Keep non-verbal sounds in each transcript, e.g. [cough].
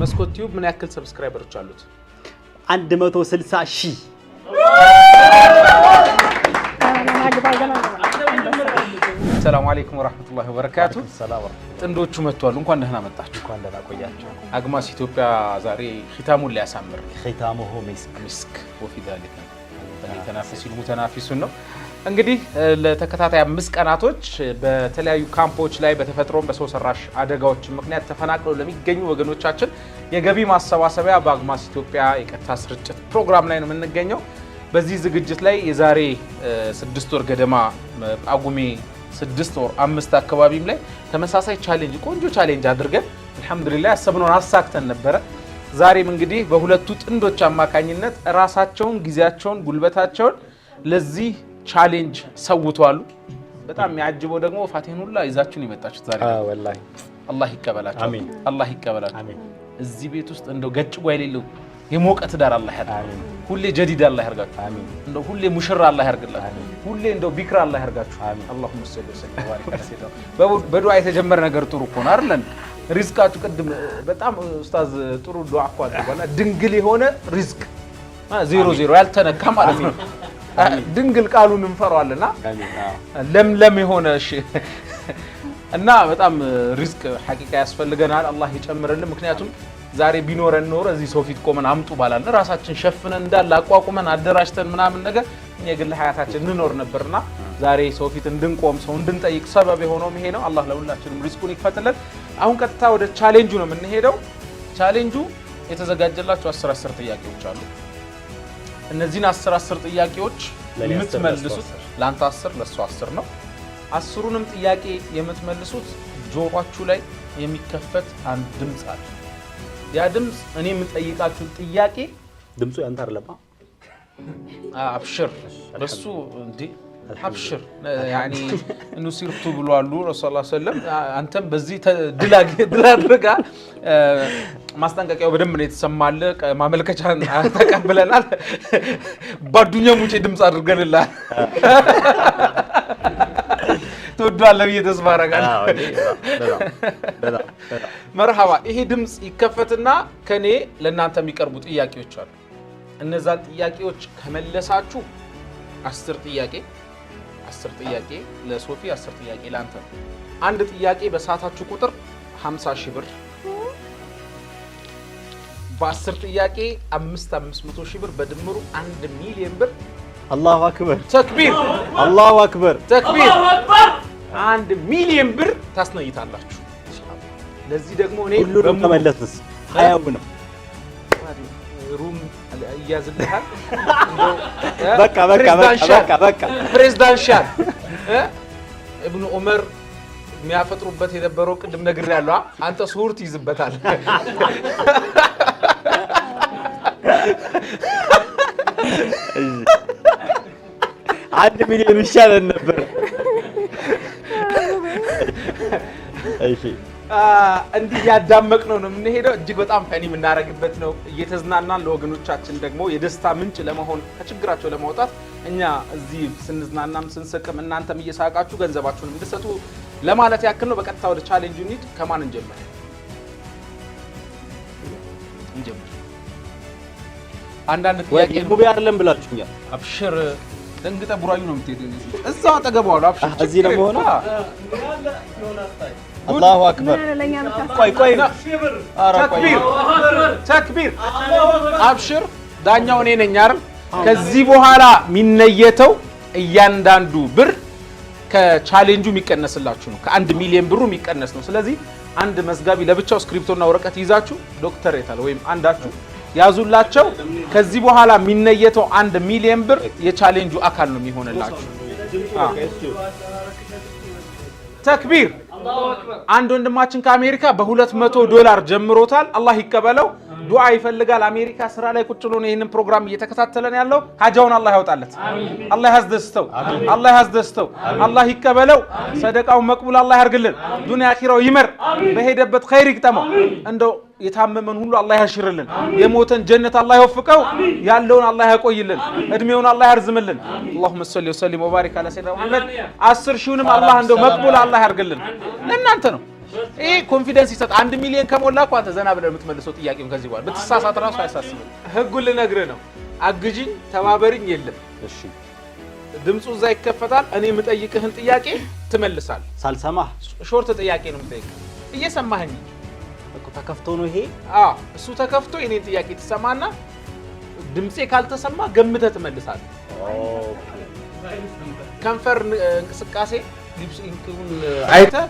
መስኮት ቲዩብ ምን ያክል ሰብስክራይበሮች አሉት? 160 ሺህ። ሰላም አለይኩም ወራህመቱላሂ ወበረካቱ። ጥንዶቹ መጥቷሉ። እንኳን ደህና መጣችሁ። እንኳን ደህና ቆያችሁ። አግማስ ኢትዮጵያ ዛሬ ኺታሙን ሊያሳምር ኺታሙሁ ሚስክ ሚስክ ወፊ ዛሊክ ሙተናፊሱን ነው እንግዲህ ለተከታታይ አምስት ቀናቶች በተለያዩ ካምፖች ላይ በተፈጥሮም በሰው ሰራሽ አደጋዎች ምክንያት ተፈናቅለው ለሚገኙ ወገኖቻችን የገቢ ማሰባሰቢያ በአግማስ ኢትዮጵያ የቀጥታ ስርጭት ፕሮግራም ላይ ነው የምንገኘው። በዚህ ዝግጅት ላይ የዛሬ ስድስት ወር ገደማ ጳጉሜ ስድስት ወር አምስት አካባቢም ላይ ተመሳሳይ ቻሌንጅ ቆንጆ ቻሌንጅ አድርገን አልሐምዱሊላ ያሰብነውን አሳክተን ነበረ። ዛሬም እንግዲህ በሁለቱ ጥንዶች አማካኝነት ራሳቸውን፣ ጊዜያቸውን፣ ጉልበታቸውን ለዚህ ቻሌንጅ ሰውቷሉ። በጣም የሚያጅበው ደግሞ ፋቴን ሁላ ይዛችሁን የመጣችሁት ዛሬ አላህ ይቀበላችሁ፣ አላህ ይቀበላችሁ። እዚህ ቤት ውስጥ እንደው ገጭጓ የሌለው የሞቀ ትዳር አላህ ያድርጋችሁ። ሁሌ ጀዲድ አላህ ያድርጋችሁ። እንደው ሁሌ ሙሽራ አላህ ያድርግላችሁ። ሁሌ እንደው ቢክራ አላህ ያድርጋችሁ። አላሁመ ሰሊ ወሰለም በዱዓ የተጀመረ ነገር ጥሩ እኮ ነው አይደል? ሪዝቃችሁ ቅድም በጣም ኡስታዝ ጥሩ ዱዓ እኮ አድርጓል። ድንግል የሆነ ሪዝቅ ዜሮ ዜሮ ያልተነካ ማለት ነው ድንግል ቃሉን እንፈራዋልና ለምለም የሆነ እሺ [laughs] እና በጣም ሪዝቅ ሐቂቃ ያስፈልገናል። አላህ ይጨምርልን። ምክንያቱም ዛሬ ቢኖረን ኖሮ እዚህ ሰው ፊት ቆመን አምጡ ባላን ራሳችን ሸፍነን እንዳለ አቋቁመን አደራጅተን ምናምን ነገር የግል ሀያታችን እንኖር ነበርና ዛሬ ሰው ፊት እንድንቆም ሰው እንድንጠይቅ ሰበብ የሆነው ይሄ ነው። አላህ ለሁላችንም ሪዝቁን ይክፈትልን። አሁን ቀጥታ ወደ ቻሌንጁ ነው የምንሄደው። ቻሌንጁ የተዘጋጀላቸው አስር አስር ጥያቄዎች አሉ። እነዚህን አስር አስር ጥያቄዎች የምትመልሱት ለአንተ አስር ለእሱ አስር ነው። አስሩንም ጥያቄ የምትመልሱት ጆሯችሁ ላይ የሚከፈት አንድ ድምፅ አለ። ያ ድምፅ እኔ የምጠይቃችሁን ጥያቄ ድምፁ ያንተ አይደለም። አብሽር በሱ እንዲህ አብሽር እኑ ሲርቱ ብሏሉ ረሱ ሰለም አንተም በዚህ [laughs] ድል አድርጋ ማስጠንቀቂያው በደንብ ነው የተሰማል። ማመልከቻ ተቀብለናል። ባዱኛ ሙቼ ድምፅ አድርገንላል። ትወዷለ ብዬ ተስፋ አደርጋለሁ። መርሃባ። ይሄ ድምፅ ይከፈትና ከኔ ለእናንተ የሚቀርቡ ጥያቄዎች አሉ። እነዛን ጥያቄዎች ከመለሳችሁ አስር ጥያቄ አስር ጥያቄ ለሶፊ አስር ጥያቄ ለአንተ ነው። አንድ ጥያቄ በሰዓታችሁ ቁጥር 50 ሺህ ብር በአስር ጥያቄ 5 500 ሺህ ብር በድምሩ 1 ሚሊዮን ብር። አላሁ አክበር ተክቢር፣ አላሁ አክበር ተክቢር። አንድ ሚሊዮን ብር ታስነይታላችሁ። ለዚህ ደግሞ እኔ ሁሉንም ከመለስንስ ሀያው ነው ይያዝልሃል። በቃ በቃ በቃ በቃ ፕሬዝዳንት እብኑ ዑመር የሚያፈጥሩበት የነበረው ቅድም ነግሬያለሁ። አንተ ስሁር ትይዝበታል። አንድ ሚሊዮን ይሻለን ነበር። እንዲህ ያዳመቅነው ነው ነው የምንሄደው። እጅግ በጣም ፈኒ የምናደርግበት ነው። እየተዝናናን ለወገኖቻችን ደግሞ የደስታ ምንጭ ለመሆን ከችግራቸው ለማውጣት እኛ እዚህ ስንዝናናም ስንስቅም እናንተም እየሳቃችሁ ገንዘባችሁን እንድሰጡ ለማለት ያክል ነው። በቀጥታ ወደ ቻሌንጅ ዩኒት ከማን እንጀምር? እንጀምር አንዳንድ ጥያቄ ሙቢ አይደለም ብላችሁኛ። አብሽር ደንግጠ ቡራዩ ነው የምትሄደው። እዛው አጠገቧ ነው። አብሽር እዚህ ነው ሆና መሆኑ አላሁ አክበር። ቆይ ቆይ፣ ተክቢር ተክቢር። አብሽር፣ ዳኛው እኔ ነኝ አይደል? ከዚህ በኋላ የሚነየተው እያንዳንዱ ብር ከቻሌንጁ የሚቀነስላችሁ ነው። ከአንድ ሚሊዮን ብሩ የሚቀነስ ነው። ስለዚህ አንድ መዝጋቢ ለብቻው እስክሪፕቶና ወረቀት ይዛችሁ ዶክተር የታለ ወይም አንዳችሁ ያዙላቸው። ከዚህ በኋላ የሚነየተው አንድ ሚሊዮን ብር የቻሌንጁ አካል ነው የሚሆንላችሁ። ተክቢር አንድ ወንድማችን ከአሜሪካ በሁለት መቶ ዶላር ጀምሮታል። አላህ ይቀበለው። ዱዓ ይፈልጋል። አሜሪካ ስራ ላይ ቁጭ ብሎ ይህንን ፕሮግራም እየተከታተለን ያለው ሀጃውን አላህ ያውጣለት፣ አላህ ያስደስተው፣ አላህ ያስደስተው፣ አላህ ይቀበለው። ሰደቃውን መቅቡል አላህ ያርግልን። ዱንያ አኺራው ይመር፣ በሄደበት ኸይር ይግጠመው። እንደው የታመመን ሁሉ አላህ ያሽርልን፣ የሞተን ጀነት አላህ ይወፍቀው፣ ያለውን አላህ ያቆይልን፣ እድሜውን አላህ ያርዝምልን። اللهم صل وسلم وبارك على سيدنا محمد አስር ሺውንም አላህ እንደው መቅቡል አላህ ያርግልን። ለእናንተ ነው ይሄ ኮንፊደንስ ይሰጥ። አንድ ሚሊዮን ከሞላ እኮ አንተ ዘና ብለህ የምትመልሰው ጥያቄው ከዚህ በኋላ ብትሳሳት ራሱ አያሳስብም። ህጉን ልነግርህ ነው። አግዥኝ ተባበሪኝ የለም። እሺ ድምፁ እዛ ይከፈታል። እኔ የምጠይቅህን ጥያቄ ትመልሳል። ሳልሰማህ ሾርት ጥያቄ ነው የምጠይቅህ። እየሰማህኝ እኮ ተከፍቶ ነው ይሄ። አዎ እሱ ተከፍቶ የኔን ጥያቄ ትሰማና ድምፄ ካልተሰማ ገምተህ ትመልሳል። ከንፈር እንቅስቃሴ ሊፕስ አይተህ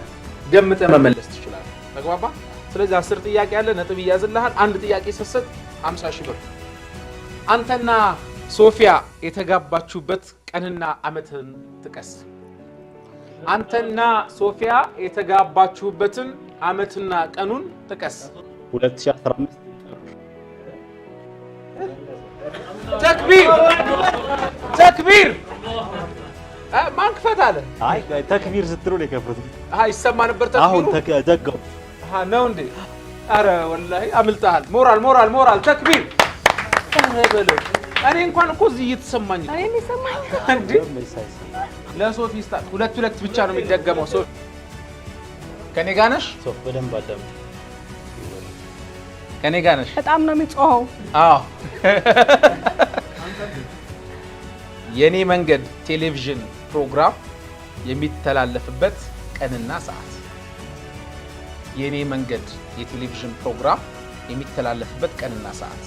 ገምተ መመለስ ትችላለህ። ተግባባ። ስለዚህ አስር ጥያቄ አለ፣ ነጥብ እያዝልሃል። አንድ ጥያቄ ስትሰጥ 50 ሺህ ብር። አንተና ሶፊያ የተጋባችሁበት ቀንና አመትን ጥቀስ። አንተና ሶፊያ የተጋባችሁበትን አመትና ቀኑን ጥቀስ። 2015 ተክቢር ተክቢር ማን ክፈት አለ? አይ ተክቢር ስትሉ ነው የከፈቱት። ይሰማ ነበር ተክቢሩ። አሁን ዘጋው ነው እንዴ? አረ ወላሂ አምልጠሃል። ሞራል ሞራል ሞራል ተክቢር በለው። እኔ እንኳን እኮ እዚህ እየተሰማኝ ለሶፊ ስታል ሁለት ሁለት ብቻ ነው የሚደገመው። ሶፊ ከኔ ጋር ነሽ? ሶፊ በደንብ አዳም ከኔ ጋር ነሽ? በጣም ነው የሚጮኸው። አዎ [laughs] የኔ መንገድ ቴሌቪዥን ፕሮግራም የሚተላለፍበት ቀንና ሰዓት፣ የእኔ መንገድ የቴሌቪዥን ፕሮግራም የሚተላለፍበት ቀንና ሰዓት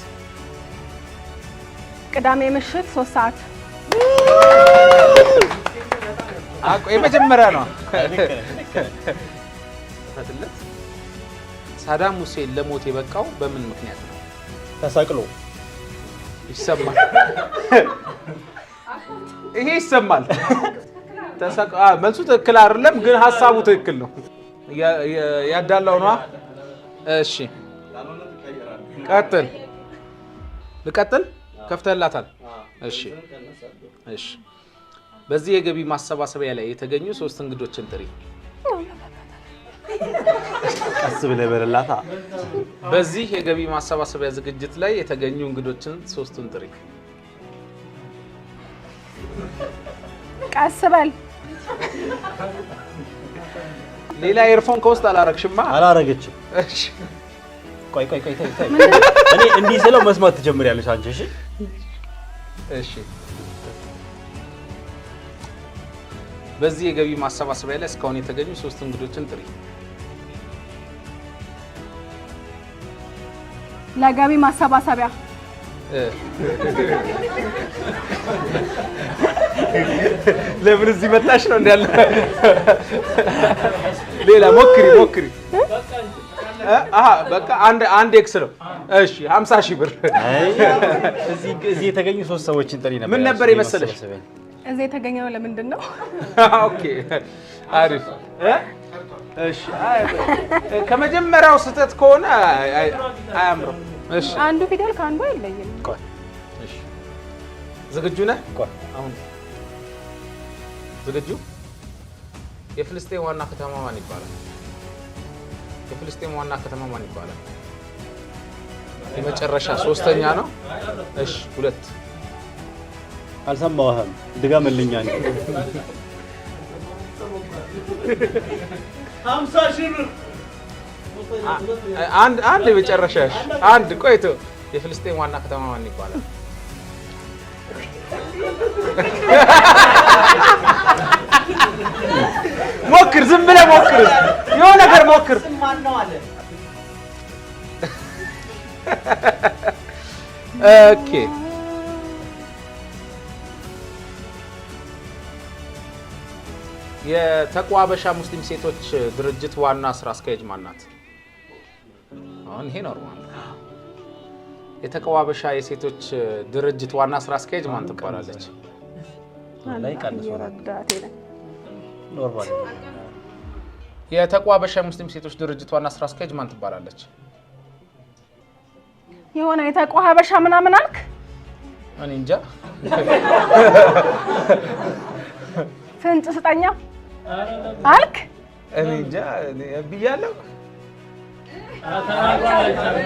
ቅዳሜ ምሽት ሶስት ሰዓት የመጀመሪያ ነው። ፈትለት ሳዳም ሁሴን ለሞት የበቃው በምን ምክንያት ነው? ተሰቅሎ ይሰማል። ይሄ ይሰማል። መልሱ ትክክል አይደለም፣ ግን ሀሳቡ ትክክል ነው። ያዳላው ነዋ። እሺ ቀጥል፣ ልቀጥል። ከፍተላታል። እሺ እሺ። በዚህ የገቢ ማሰባሰቢያ ላይ የተገኙ ሶስት እንግዶችን ጥሪ። ቀስ ብለህ በረላታ። በዚህ የገቢ ማሰባሰቢያ ዝግጅት ላይ የተገኙ እንግዶችን ሶስቱን ጥሪ። ቀስ በል። ሌላ ኤርፎን ከውስጥ አላረግሽማ? አላረገችም። ቆይ ቆይ ቆይ፣ እኔ እንዲህ ስለው መስማት ትጀምሪያለሽ አንቺ። እሺ እሺ። በዚህ የገቢ ማሰባሰቢያ ላይ እስካሁን የተገኙ ሶስት እንግዶችን ጥሪ። ለገቢ ማሰባሰቢያ ለምን እዚህ መጣሽ ነው እንዳለ። ሌላ ሞክሪ ሞክሪ። በቃ አንድ አንድ ኤክስ ነው። እሺ 50 ሺህ ብር። እዚህ የተገኙ ሶስት ሰዎችን ጥሪ ነበር። ምን ነበር የመሰለሽ? እዚህ የተገኘው ለምንድን ነው? ኦኬ አሪፍ። እሺ ከመጀመሪያው ስህተት ከሆነ አያምረው አንዱ ፊደል ከአንዱ አይለይም። ዝግጁ ነህ? አሁን ዝግጁ። የፍልስጤም ዋና ከተማ ማን ይባላል? የፍልስጤም ዋና ከተማ ማን ይባላል? የመጨረሻ ሶስተኛ ነው። እሺ ሁለት አልሰማሁህም። ድገምልኝ ሀምሳ ሺህ ብር አንድ አንድ የመጨረሻሽ አንድ ቆይቶ የፍልስጤን ዋና ከተማ ማን ይባላል? ሞክር፣ ዝም ብለህ ሞክር፣ የሆነ ነገር ሞክር። ኦኬ የተቋበሻ ሙስሊም ሴቶች ድርጅት ዋና ስራ አስኪያጅ ማን ናት? ምናምን ይሄ ኖርማል። የተቀዋበሻ የሴቶች ድርጅት ዋና ስራ አስኪያጅ ማን ትባላለች? የተቋበሻ ሙስሊም ሴቶች ድርጅት ዋና ስራ አስኪያጅ ማን ትባላለች? የሆነ የተቋበሻ ምናምን አልክ። እኔ እንጃ። ፍንጭ ስጠኛ አልክ። እኔ እንጃ ብያለሁ።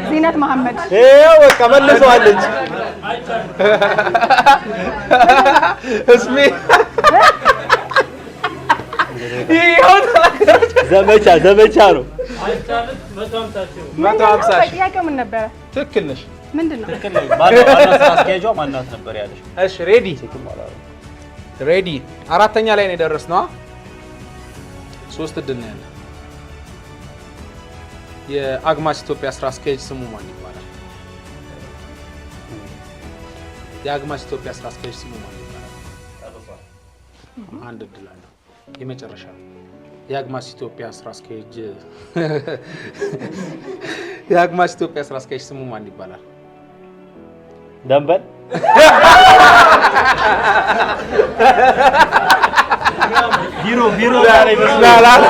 ዚነት መሐመድ ይኸው በቃ መልሰዋለች። እስሜ ዘመቻ ዘመቻ ነው። መቶ ሀምሳ ጥያቄው ምን ነበረ? ትክክል ነሽ። ምንድን ነው ትክክል ነሽ። ማስኪያጇ ማናት ነበር ያለሽ? እሺ ሬዲ ሬዲ። አራተኛ ላይ ነው የደረስነው። ሶስት እድል ነው ያለ የአግማስ ኢትዮጵያ ስራ አስኪያጅ ስሙ ማን ይባላል? የአግማስ ኢትዮጵያ ስራ አስኪያጅ ስሙ ማን ይባላል? አንድ እድል አለው። የመጨረሻ የአግማስ ኢትዮጵያ ስራ አስኪያጅ [laughs] የአግማስ ኢትዮጵያ ስራ አስኪያጅ ስሙ ማን ይባላል? ደንበል [laughs] ቢሮ ቢሮ ላይ ይመስላል።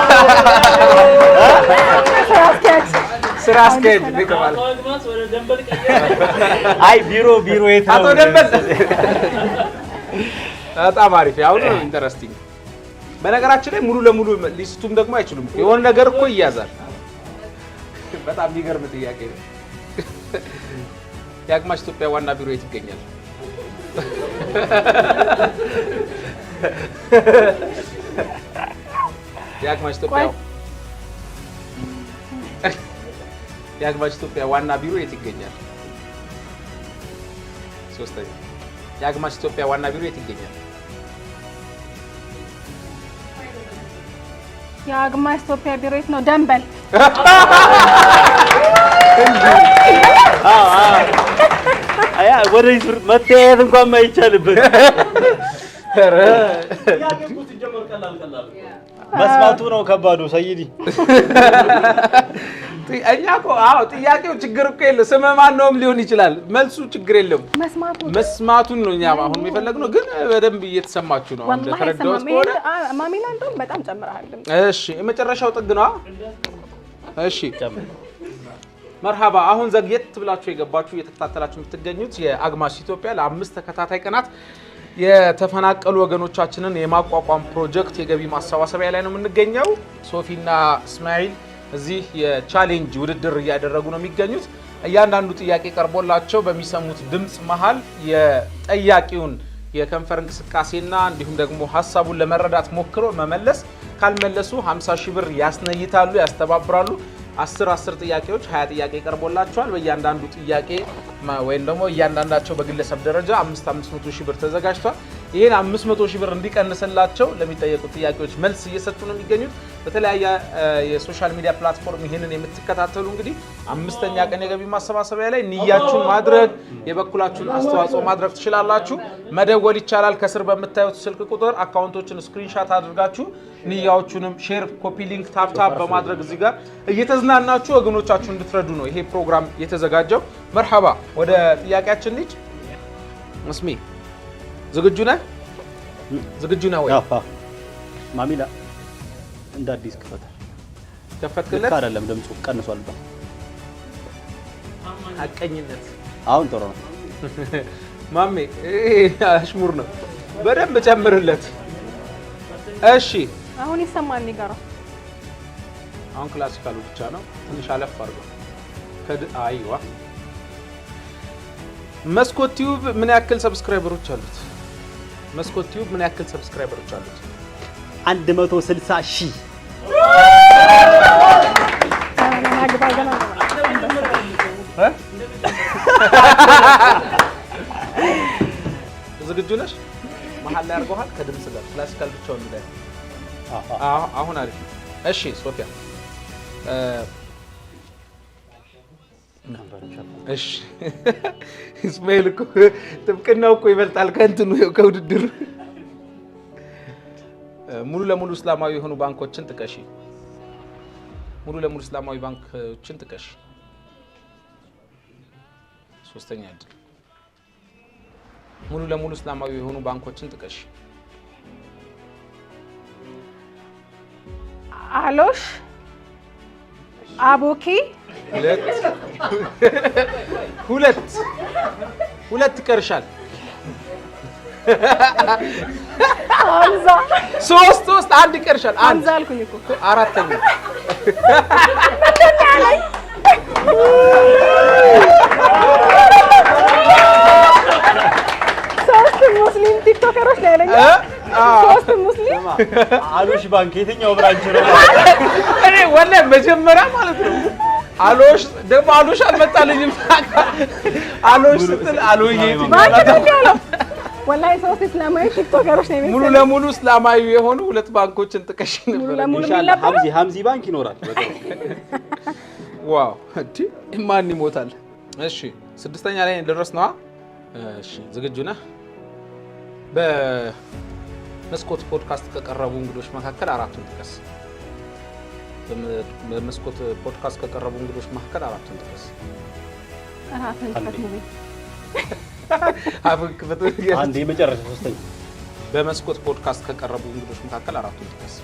ስራ አስኪያጅ አይ ቢሮ ቢሮ የት ነው አቶ ደንበል? በጣም አሪፍ ያው ኢንተረስቲንግ። በነገራችን ላይ ሙሉ ለሙሉ ሊስቱም ደግሞ አይችሉም። የሆነ ነገር እኮ ይያዛል። በጣም የሚገርም ጥያቄ ነው። የአግማሽ ኢትዮጵያ ዋና ቢሮ የት ይገኛል? የአግማሽ ኢትዮጵያ ዋና ቢሮ የት ይገኛል? ሶስተኛ የአግማሽ ኢትዮጵያ ዋና ቢሮ የት ይገኛል? የአግማሽ ኢትዮጵያ ቢሮ የት ነው? ደንበል ወደዚህ መተያየት እንኳን ማይቻልበት መስማቱ ነው ከባዱ። ሰይዲ እኛ እኮ አዎ፣ ጥያቄው ችግር እኮ የለ ስመ ማነውም ሊሆን ይችላል። መልሱ ችግር የለም መስማቱን ነው እኛ አሁን የፈለግነው፣ ግን በደንብ እየተሰማችሁ ነው እንደተረዳሁት ከሆነ ማሚላ፣ እንደውም በጣም ጨምረሃል። እሺ የመጨረሻው ጥግ ነው። እሺ መርሃባ አሁን ዘግየት ብላችሁ የገባችሁ እየተከታተላችሁ የምትገኙት የአግማሽ ኢትዮጵያ ለአምስት ተከታታይ ቀናት የተፈናቀሉ ወገኖቻችንን የማቋቋም ፕሮጀክት የገቢ ማሰባሰቢያ ላይ ነው የምንገኘው። ሶፊና እስማኤል እዚህ የቻሌንጅ ውድድር እያደረጉ ነው የሚገኙት። እያንዳንዱ ጥያቄ ቀርቦላቸው በሚሰሙት ድምፅ መሀል የጠያቂውን የከንፈር እንቅስቃሴና እንዲሁም ደግሞ ሀሳቡን ለመረዳት ሞክሮ መመለስ፣ ካልመለሱ 50 ሺህ ብር ያስነይታሉ፣ ያስተባብራሉ። አስር አስር ጥያቄዎች ሀያ ጥያቄ ቀርቦላቸዋል። በእያንዳንዱ ጥያቄ ወይም ደግሞ እያንዳንዳቸው በግለሰብ ደረጃ አምስት አምስት መቶ ሺህ ብር ተዘጋጅቷል። ይህን አምስት መቶ ሺህ ብር እንዲቀንስላቸው ለሚጠየቁ ጥያቄዎች መልስ እየሰጡ ነው የሚገኙት። በተለያየ የሶሻል ሚዲያ ፕላትፎርም ይህንን የምትከታተሉ እንግዲህ አምስተኛ ቀን የገቢ ማሰባሰቢያ ላይ ንያችሁን ማድረግ የበኩላችሁን አስተዋጽኦ ማድረግ ትችላላችሁ። መደወል ይቻላል። ከስር በምታዩት ስልክ ቁጥር አካውንቶችን ስክሪንሻት አድርጋችሁ ንያዎቹንም ሼር፣ ኮፒ ሊንክ፣ ታፕታፕ በማድረግ እዚህ ጋር እየተዝናናችሁ ወገኖቻችሁ እንድትረዱ ነው ይሄ ፕሮግራም የተዘጋጀው። መርሐባ ወደ ጥያቄያችን ልጅ መስሜ ዝግጁ ነህ? ዝግጁ ነህ ወይ? ማሚላ እንደ አዲስ ከፈትክለት አይደለም፣ ድምፁ ቀንሷል። አሁን ጥሩ ነው። [laughs] ማሜ አሽሙር ነው፣ በደንብ ጨምርለት። እሺ አሁን ይሰማል። አሁን ክላሲካሉ ብቻ ነው። ትንሽ አለፍ አድርገው ከድ አይዋ መስኮት ቲዩብ ምን ያክል ሰብስክራይበሮች አሉት? መስኮት ቲዩብ ምን ያክል ሰብስክራይበሮች አሉት? 160 ሺህ። ዝግጁ ነሽ? መሀል ላይ አድርገዋል ከድምጽ ጋር ክላሲካል ብቻውን ላይ አሁን አሪፍ። እሺ ሶፊያ እሺ እስማኤል እኮ ጥብቅናው እኮ ይበልጣል ከእንትኑ ከውድድር ሙሉ ለሙሉ እስላማዊ የሆኑ ባንኮችን ጥቀሺ። ሙሉ ለሙሉ እስላማዊ ባንኮችን ጥቀሽ ሶስተኛ እድል። ሙሉ ለሙሉ እስላማዊ የሆኑ ባንኮችን ጥቀሽ አሎሽ፣ አቦኬ ሁለት ሁለት ሁለት ቀርሻል። ሶስት ሶስት አንድ ቀርሻል። አንድ አልኩኝ እኮ አራተኛ ሶስት ሙስሊም ቲክቶከሮች ላይ ነኝ። ሶስት ሙስሊም አሉሽ ባንክ የትኛው ብራንች ነው? እኔ ወላሂ መጀመሪያ ማለት ነው አሎሽ ደግሞ አሎሽ አልመጣልኝም። አሎሽ ስትል አሎዬ ሙሉ ለሙሉ እስላማዊ የሆኑ ሁለት ባንኮችን ጥቀሽ ነበር። ሀምዚ ባንክ ይኖራል። ዋው ማን ይሞታል። እሺ ስድስተኛ ላይ ድረስ ነዋ። እሺ ዝግጁ ነህ? በመስኮት ፖድካስት ከቀረቡ እንግዶች መካከል አራቱን ጥቀስ። በመስኮት ፖድካስት ከቀረቡ እንግዶች መካከል አራቱን ጥቀስ። የመጨረሻ ሶስተኛ በመስኮት ፖድካስት ከቀረቡ እንግዶች መካከል አራቱን ጥቀስ።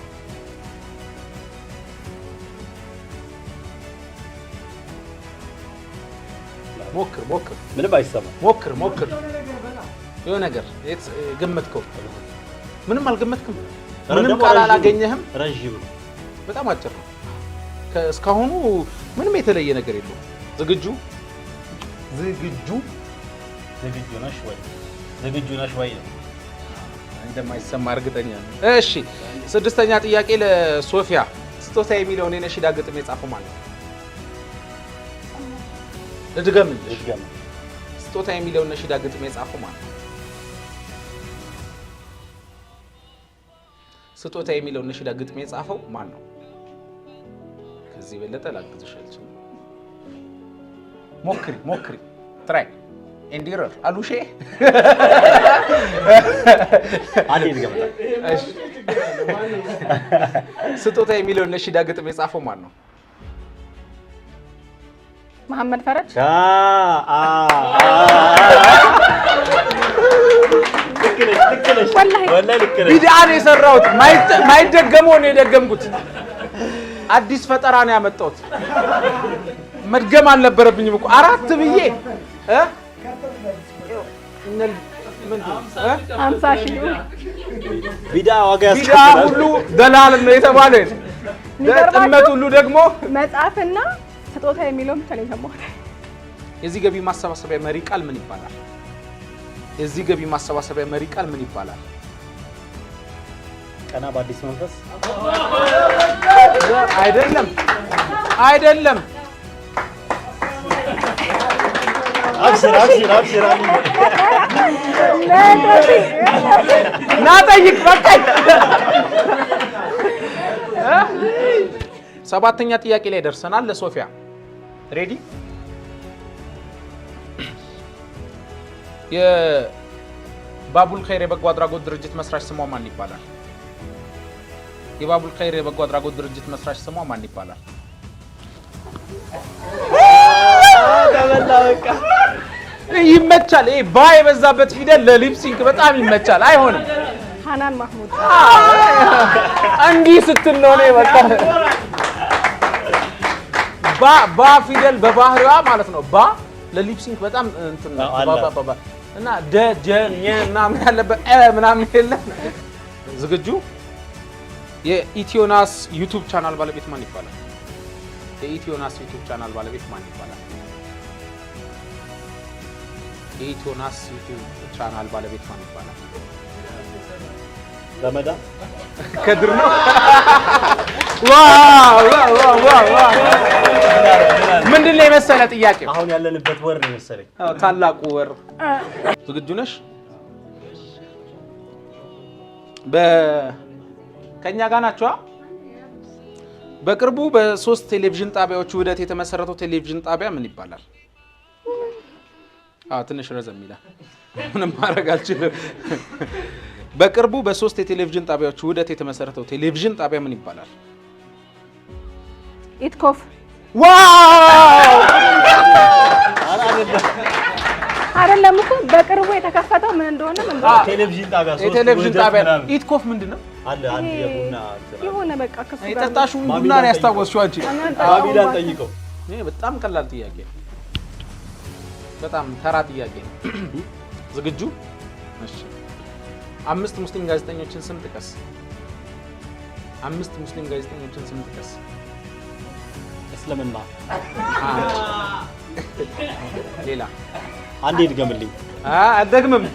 ሞክር ሞክር፣ ምንም አይሰማም። ሞክር ሞክር፣ የሆነ ነገር ገመትከው። ምንም አልገመትክም። ምንም ቃል አላገኘህም። ረዥም በጣም አጭር እስካሁኑ ምንም የተለየ ነገር የለውም። ዝግጁ ዝግጁ ዝግጁ ነሽ ወይ? ዝግጁ ነሽ ወይ እንደማይሰማ እርግጠኛ ነው። እሺ፣ ስድስተኛ ጥያቄ ለሶፊያ ስጦታ የሚለውን የነሺዳ ግጥም የጻፈው ማለት ነው። ልድገምልሽ። ስጦታ የሚለውን ነሺዳ ግጥም የጻፈው ማለት ነው። ስጦታ የሚለውን ነሺዳ ግጥም የጻፈው ማን ነው? ከዚህ የበለጠ ላግዝሽ አልችልም። ሞክሪ ሞክሪ ትራይ እንዲረር አሉሼ ስጦታ የሚለውን ለሺዳ ግጥም የጻፈው ማን ነው? መሐመድ ፈረጅ። ወላሂ ቢድአ ነው የሰራሁት። ማይደገመው ነው የደገምኩት። አዲስ ፈጠራ ነው ያመጣሁት። መድገም አልነበረብኝም እኮ አራት ብዬ ቢዳ ሁሉ ደላል ነው የተባለ ጥመት ሁሉ ደግሞ መጽሐፍና ስጦታ የሚለው ብቻ ነው የተማሁት። የዚህ ገቢ ማሰባሰቢያ መሪ ቃል ምን ይባላል? የዚህ ገቢ ማሰባሰቢያ መሪ ቃል ምን ይባላል? ቀና በአዲስ መንፈስ አይደለም አይደለም። ና ጠይቅ። ሰባተኛ ጥያቄ ላይ ደርሰናል። ለሶፊያ ሬዲ የባቡል ኸይር የበጎ አድራጎት ድርጅት መስራች ስሟ ማን ይባላል? የባቡል ኸይር የበጎ አድራጎት ድርጅት መስራች ስሟ ማን ይባላል? ይመቻል። ይሄ ባ የበዛበት ፊደል ለሊፕሲንክ በጣም ይመቻል። አይሆንም። ሀናን ማህሙድ እንዲህ ስትል ነው ነው ይመጣ ባ ባ ፊደል በባህሪዋ ማለት ነው። ባ ለሊፕሲንክ በጣም እንትን ነው። እና ደ ጀ ኘ ምናምን ያለበት ምናምን የለም። ዝግጁ የኢትዮናስ ዩቱብ ቻናል ባለቤት ማን ይባላል? የኢትዮናስ ዩቱብ ቻናል ባለቤት ማን ይባላል? የኢትዮናስ ዩቱብ ቻናል ባለቤት ማን ይባላል? ለመዳ ከድር ነው። [laughs] ምንድን ነው የመሰለ ጥያቄ። አሁን ያለንበት ወር ነው የመሰለኝ ታላቁ ወር። ዝግጁ ነሽ? ከእኛ ጋር ናቸዋ። በቅርቡ በሶስት ቴሌቪዥን ጣቢያዎች ውህደት የተመሰረተው ቴሌቪዥን ጣቢያ ምን ይባላል? ትንሽ ረዘም ይላል። ምንም ማድረግ አልችልም። በቅርቡ በሶስት የቴሌቪዥን ጣቢያዎች ውህደት የተመሰረተው ቴሌቪዥን ጣቢያ ምን ይባላል? ኢትኮፍ። ዋው! አይደለም እኮ በቅርቡ የተከፈተው ምን እንደሆነ ቴሌቪዥን ጣቢያ ኢትኮፍ ምንድን ነው? አንድ አንድ የቡና የሆነ በቃ ከሱ ጋር የጠጣሽውን ቡና ነው ያስታወስሽው አንቺ። ጠይቀው። ይሄ በጣም ቀላል ጥያቄ፣ በጣም ተራ ጥያቄ። [clears throat] ዝግጁ? እሺ። አምስት ሙስሊም ጋዜጠኞችን ስም ጥቀስ። አምስት ሙስሊም ጋዜጠኞችን ስም ጥቀስ። እስልምና። [laughs] ሌላ አንዴ ድገምልኝ። አደግምም።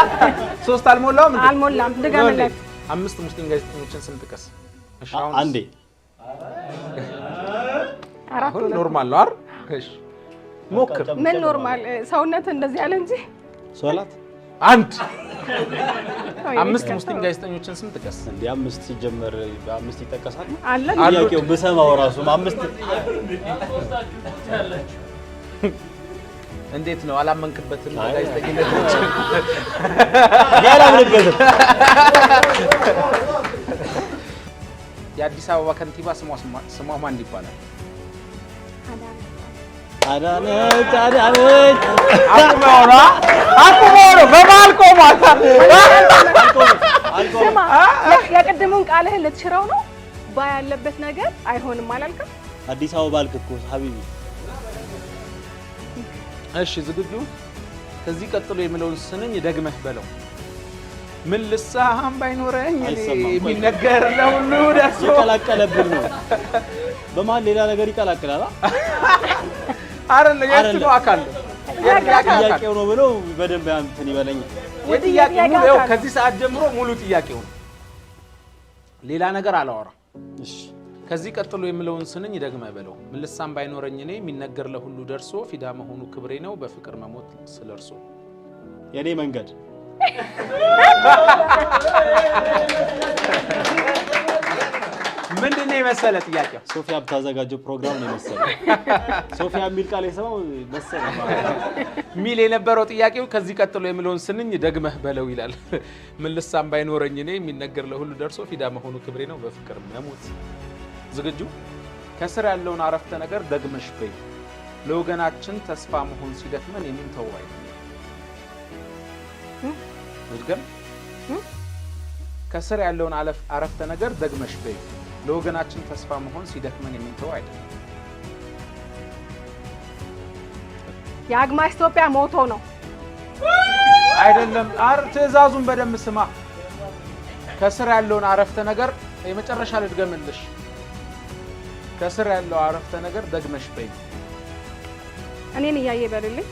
[laughs] ሶስት አልሞላውም። አልሞላም። ድገምለት አምስት ሙስሊም ጋዜጠኞችን ስም ጥቀስ። አንዴ አሁን ኖርማል ነው አይደል? ሞክር። ምን ኖርማል ሰውነት እንደዚህ አለ እንጂ ሶላት አንድ አምስት ሙስሊም ጋዜጠኞችን ስም ጥቀስ። እንደ አምስት ሲጀመር አምስት ይጠቀሳል አለ ጥያቄው ብሰማው ራሱ አምስት እንዴት ነው አላመንክበትም? ጋዜጠኝነት ያላምንበትም። የአዲስ አበባ ከንቲባ ስሟ ማን ይባላል? አዳነች የቅድሙን ቃልህን ልትሽረው ነው። ባ ያለበት ነገር አይሆንም አላልክም? አዲስ አበባ አልክ እኮ ሀቢቢ እሺ ዝግጁ? ከዚህ ቀጥሎ የሚለውን ስንኝ ደግመህ በለው። ምን ልሳም ባይኖረኝ የሚነገር ለሁሉ ደርሶ ይቀላቀለብን ነው። በመሀል ሌላ ነገር ይቀላቅላል። [laughs] አረለ የት አካል ጥያቄው ነው ብለው በደንብ እንትን ይበለኛል። ከዚህ ሰዓት ጀምሮ ሙሉ ጥያቄው ነው። ሌላ ነገር አላወራም። እሺ ከዚህ ቀጥሎ የምለውን ስንኝ ደግመ በለው ምልሳም ባይኖረኝ እኔ የሚነገር ለሁሉ ደርሶ ፊዳ መሆኑ ክብሬ ነው በፍቅር መሞት ስለ እርሶ የእኔ መንገድ ምንድን ነው የመሰለ ጥያቄ ሶፊያ ብታዘጋጀው ፕሮግራም ነው የመሰለ ሶፊያ የሚል ቃል የሰማው መሰለ ሚል የነበረው ጥያቄው ከዚህ ቀጥሎ የምለውን ስንኝ ደግመህ በለው ይላል። ምልሳም ባይኖረኝ እኔ የሚነገር ለሁሉ ደርሶ ፊዳ መሆኑ ክብሬ ነው በፍቅር መሞት ዝግጁ? ከስር ያለውን አረፍተ ነገር ደግመሽ በይ። ለወገናችን ተስፋ መሆን ሲደክመን የምንተው አይደለም። ድገም። ከስር ያለውን አረፍተ ነገር ደግመሽ በይ። ለወገናችን ተስፋ መሆን ሲደክመን የምንተው አይደለም። የአግማሽ ኢትዮጵያ ሞቶ ነው አይደለም። አር ትዕዛዙን በደንብ ስማ። ከስር ያለውን አረፍተ ነገር የመጨረሻ ልድገምልሽ። ከስር ያለው አረፍተ ነገር ደግመሽ በይ። እኔን እያየ በልልኝ።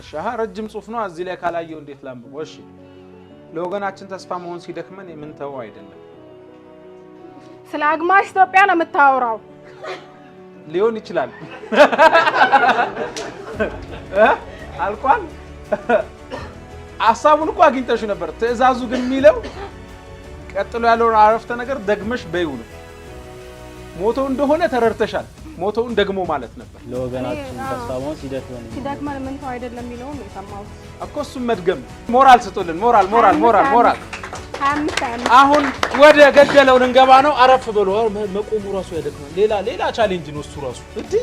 እሺ፣ ረጅም ጽሁፍ ነው። እዚህ ላይ ካላየው እንዴት ላንብበው? እሺ፣ ለወገናችን ተስፋ መሆን ሲደክመን የምንተው አይደለም። ስለ አግማሽ ኢትዮጵያ ነው የምታወራው? ሊሆን ይችላል። አልቋል። ሀሳቡን እኮ አግኝተሽ ነበር። ትዕዛዙ ግን የሚለው ቀጥሎ ያለውን አረፍተ ነገር ደግመሽ በይው ነው። ሞተው እንደሆነ ተረድተሻል። ሞተውን ደግሞ ማለት ነበር ለወገናችን ተስፋውን ሲደት ሆነ ሲደክመን ምን ተው አይደለም የሚለው ነው የሰማሁት እኮ እሱም መድገም ሞራል ስጡልን። ሞራል ሞራል ሞራል ሞራል። አሁን ወደ ገደለው ልንገባ ነው። አረፍ ብሎ መቆሙ ራሱ ያደክማል። ሌላ ሌላ ቻሌንጅ ነው እሱ ራሱ እንዴ።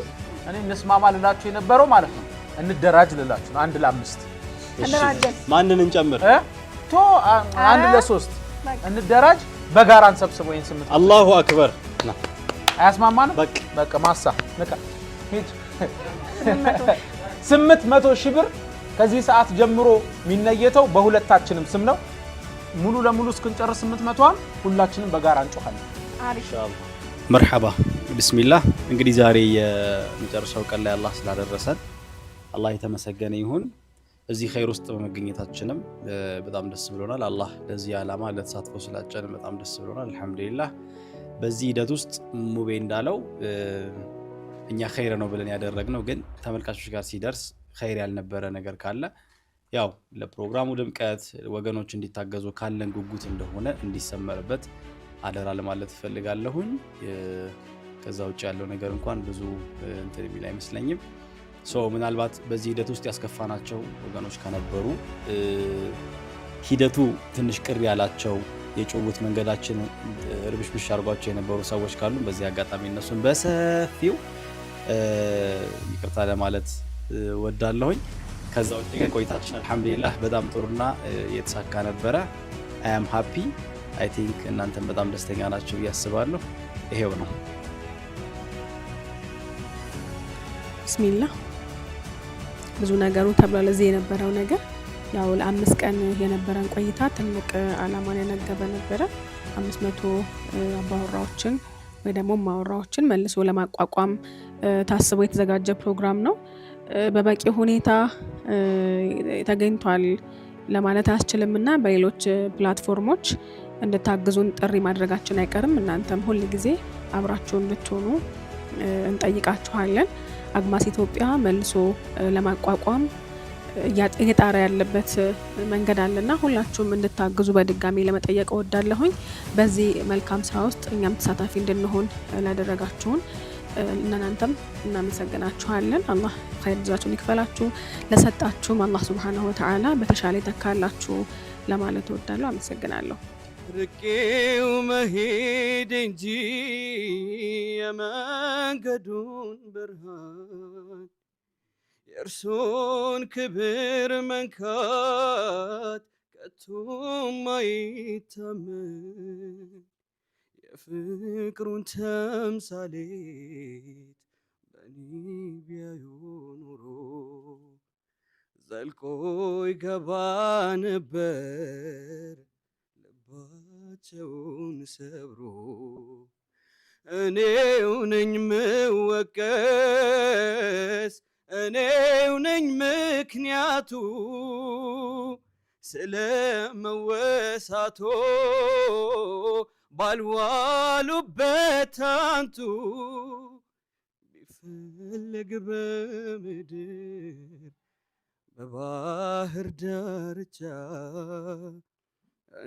እኔ እንስማማ ልላችሁ የነበረው ማለት ነው እንደራጅ ልላችሁ ነው። አንድ ለአምስት ማንን እንጨምር? ቶ አንድ ለሶስት እንደራጅ። በጋራ እንሰብስበው ይሄን ስምንት። አላሁ አክበር አያስማማንም። በቃ ማሳ ንቃ ሂድ። [laughs] ስምንት መቶ ሺህ ብር ከዚህ ሰዓት ጀምሮ የሚነየተው በሁለታችንም ስም ነው። ሙሉ ለሙሉ እስክንጨርስ ስምንት መቶዋን ሁላችንም በጋራ እንጮኻለን። መርሐባ ብስሚላህ። እንግዲህ ዛሬ የመጨረሻው ቀን ላይ አላህ ስላደረሰን አላህ የተመሰገነ ይሁን። እዚህ ኸይር ውስጥ በመገኘታችንም በጣም ደስ ብሎናል። አላህ ለዚህ ዓላማ ለተሳትፎ ስላጨን በጣም ደስ ብሎናል። አልሐምዱሊላህ በዚህ ሂደት ውስጥ ሙቤ እንዳለው እኛ ኸይር ነው ብለን ያደረግነው ግን ተመልካቾች ጋር ሲደርስ ኸይር ያልነበረ ነገር ካለ ያው ለፕሮግራሙ ድምቀት ወገኖች እንዲታገዙ ካለን ጉጉት እንደሆነ እንዲሰመርበት አደራ ለማለት እፈልጋለሁኝ። ከዛ ውጭ ያለው ነገር እንኳን ብዙ እንትን የሚል አይመስለኝም። ምናልባት በዚህ ሂደት ውስጥ ያስከፋናቸው ወገኖች ከነበሩ ሂደቱ ትንሽ ቅር ያላቸው የጭውውት መንገዳችን ርብሽብሽ አድርጓቸው የነበሩ ሰዎች ካሉ በዚህ አጋጣሚ እነሱን በሰፊው ይቅርታ ለማለት ወዳለሁኝ። ከዛ ውጭ ግን ቆይታችን አልሐምዱሊላህ በጣም ጥሩና የተሳካ ነበረ። አም ሃፒ አይ ቲንክ እናንተን በጣም ደስተኛ ናቸው እያስባለሁ። ይሄው ነው ብስሚላህ ብዙ ነገሩ ተብሏል። እዚህ የነበረው ነገር ያው ለአምስት ቀን የነበረን ቆይታ ትልቅ ዓላማን ያነገበ ነበረ። አምስት መቶ አባወራዎችን ወይ ደግሞ ማወራዎችን መልሶ ለማቋቋም ታስቦ የተዘጋጀ ፕሮግራም ነው። በበቂ ሁኔታ ተገኝቷል ለማለት አያስችልም እና በሌሎች ፕላትፎርሞች እንድታግዙን ጥሪ ማድረጋችን አይቀርም። እናንተም ሁል ጊዜ አብራችሁ እንድትሆኑ እንጠይቃችኋለን። አግማስ ኢትዮጵያ መልሶ ለማቋቋም የጣራ ያለበት መንገድ አለና ሁላችሁም እንድታግዙ በድጋሚ ለመጠየቅ እወዳለሁኝ። በዚህ መልካም ስራ ውስጥ እኛም ተሳታፊ እንድንሆን ላደረጋችሁን እናንተም እናመሰግናችኋለን። አላህ ኸይር ይክፈላችሁ። ለሰጣችሁም አላህ ሱብሓነሁ ወተዓላ በተሻለ ይተካላችሁ ለማለት እወዳለሁ። አመሰግናለሁ። ርቄው መሄድ እንጂ የመንገዱን ብርሃን የእርሱን ክብር መንካት ከቶም አይታመን የፍቅሩን ተምሳሌት በእኔ ቢያዩ ኑሮ ዘልቆ ይገባ ነበር ልባቸውን ሰብሮ እኔው ነኝ ምወቀስ እኔው ነኝ ምክንያቱ ስለ መወሳቶ ባልዋሉበት አንቱ ቢፈለግ በምድር በባህር ዳርቻ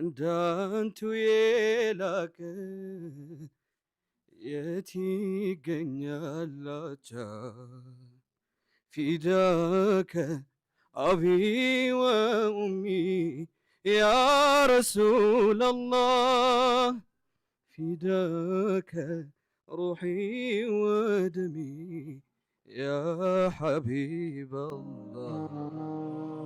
እንዳንቱ የላቀ የት ይገኛላቸው? فداك أبي وأمي يا رسول الله فداك روحي ودمي يا حبيب الله